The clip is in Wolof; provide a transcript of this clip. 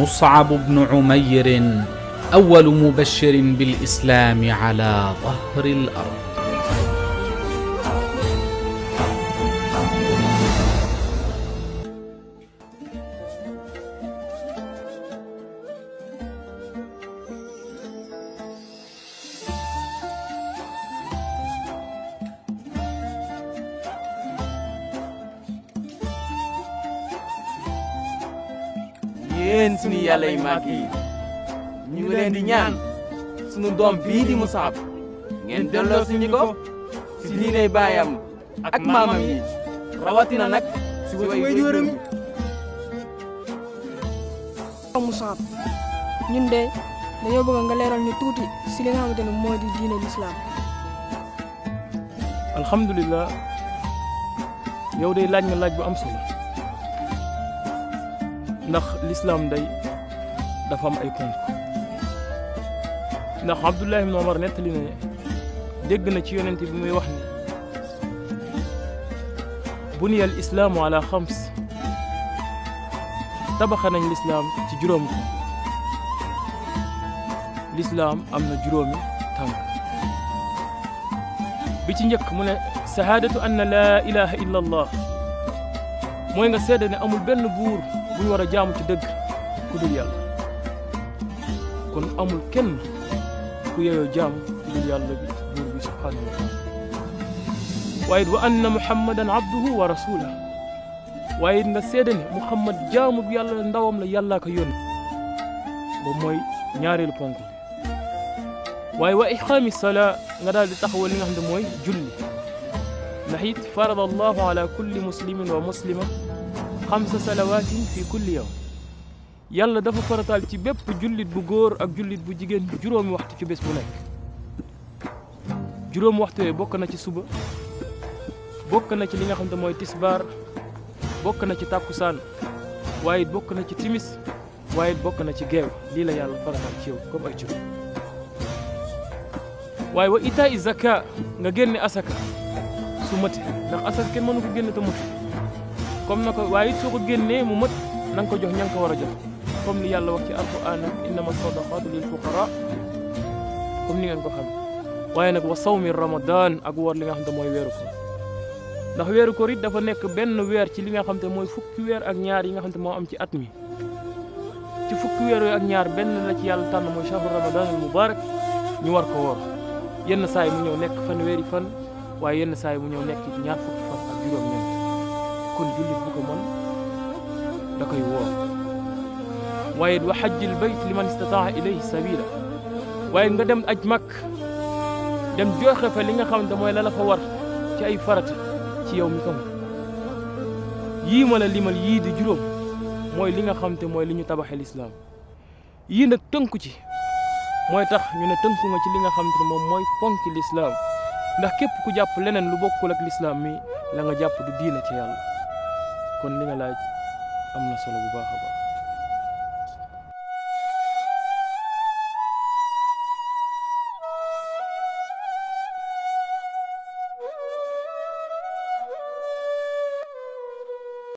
مصعب بن عمير أول مبشر بالإسلام على ظهر الأرض yéen sunu yàlla yu màgg yi ñu di ñaan sunu doom bii di Musab ngeen delloo suñu ko si diiney baayam ak maamam yi rawatina nag si way jóoram Musab ñun de dañoo bëgg nga leeral ñu tuuti si li nga xamante ne moo di diine lislaam alhamdulilah yow day laaj nga laaj bu am solo ndax lislaam day dafa ay ponk ndax Abdullahi ibn Omar nettali na ne dégg na ci yonent bi muy wax ne buniya al ala xams tabaxa nañ lislaam ci juróom ko lislaam am na juróomi tànk bi ci njëkk mu ne sahaadatu anna laa ilaha illa allah mooy nga seede ne amul benn buur bu ñu war a jaamu ci dëgg ku dul yàlla kon amul kenn ku yeyoo jaamu ku dul yàlla bi buur bi subhaanahu wa taala wa anna muhammadan abduhu wa rasulahu waaye na seede ne muhammad jaamu bi yàlla ndawam la yàllaa ko yónni ba mooy ñaareelu ponk waaye wa iqaami salaa nga daal di taxawal li nga mooy julli ndax it farada allahu ala kulli muslimin wa muslima xamsa salawaatin fi kulli yawm yàlla dafa farataal ci bépp jullit bu góor ak jullit bu jigéen juróomi waxtu ci bés bu nekk juróomi waxtu yooyu bokk na ci suba bokk na ci li nga xam te mooy tisbaar bokk na ci tàkkusaan waaye bokk na ci timis waaye bokk na ci geew lii la yàlla farataal ci yow comme ay juróom waaye wa itaa i nga génne asaka su mate ndax asaka kenn mënu ko génne te comme na ko waaye it soo ko génnee mu mët na ko jox ña ko war a jox comme ni yàlla wax ci alquran innama sadaqatu lil fuqara comme ni ngeen ko xam waaye nag wa sawmi ramadan ak woor li nga xam te mooy weeru koor ndax weeru koor it dafa nekk benn weer ci li nga xam te mooy fukki weer ak ñaar yi nga xam te moo am ci at mi ci fukki weer ak ñaar benn la ci yàlla tànn mooy shahru ramadan mu mubarak ñu war ko woor yenn saa yi mu ñëw nekk fan weeri fan waaye yenn saa yi mu ñëw nekk kon jullit bu ko mën da koy woor waaye wa xajjil bayt li man istataa ilayhi sabila waaye nga dem aj mag dem joxe li nga xam mooy la la fa war ci ay farat ci yow mi yii ma la limal yii di juróom mooy li nga xam mooy li ñu tabaxee lislaam yii nag tënku ci mooy tax ñu ne ci li nga xam moom mooy ponki lislaam ndax képp ku jàpp leneen lu bokkul ak lislaam mi la nga jàpp du diina ci yàlla kon li nga laaj am na solo bu baax a baax